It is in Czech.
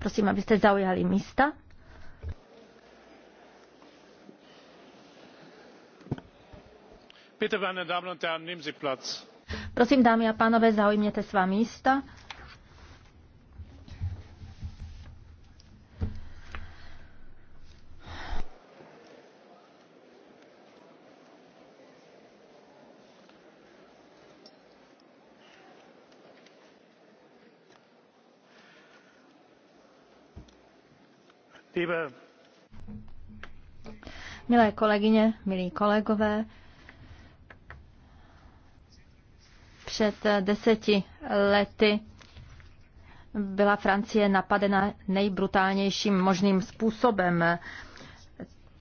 Prosím, abyste zaujali místa. Prosím, dámy a pánové, zaujměte svá místa. Milé kolegyně, milí kolegové, před deseti lety byla Francie napadena nejbrutálnějším možným způsobem.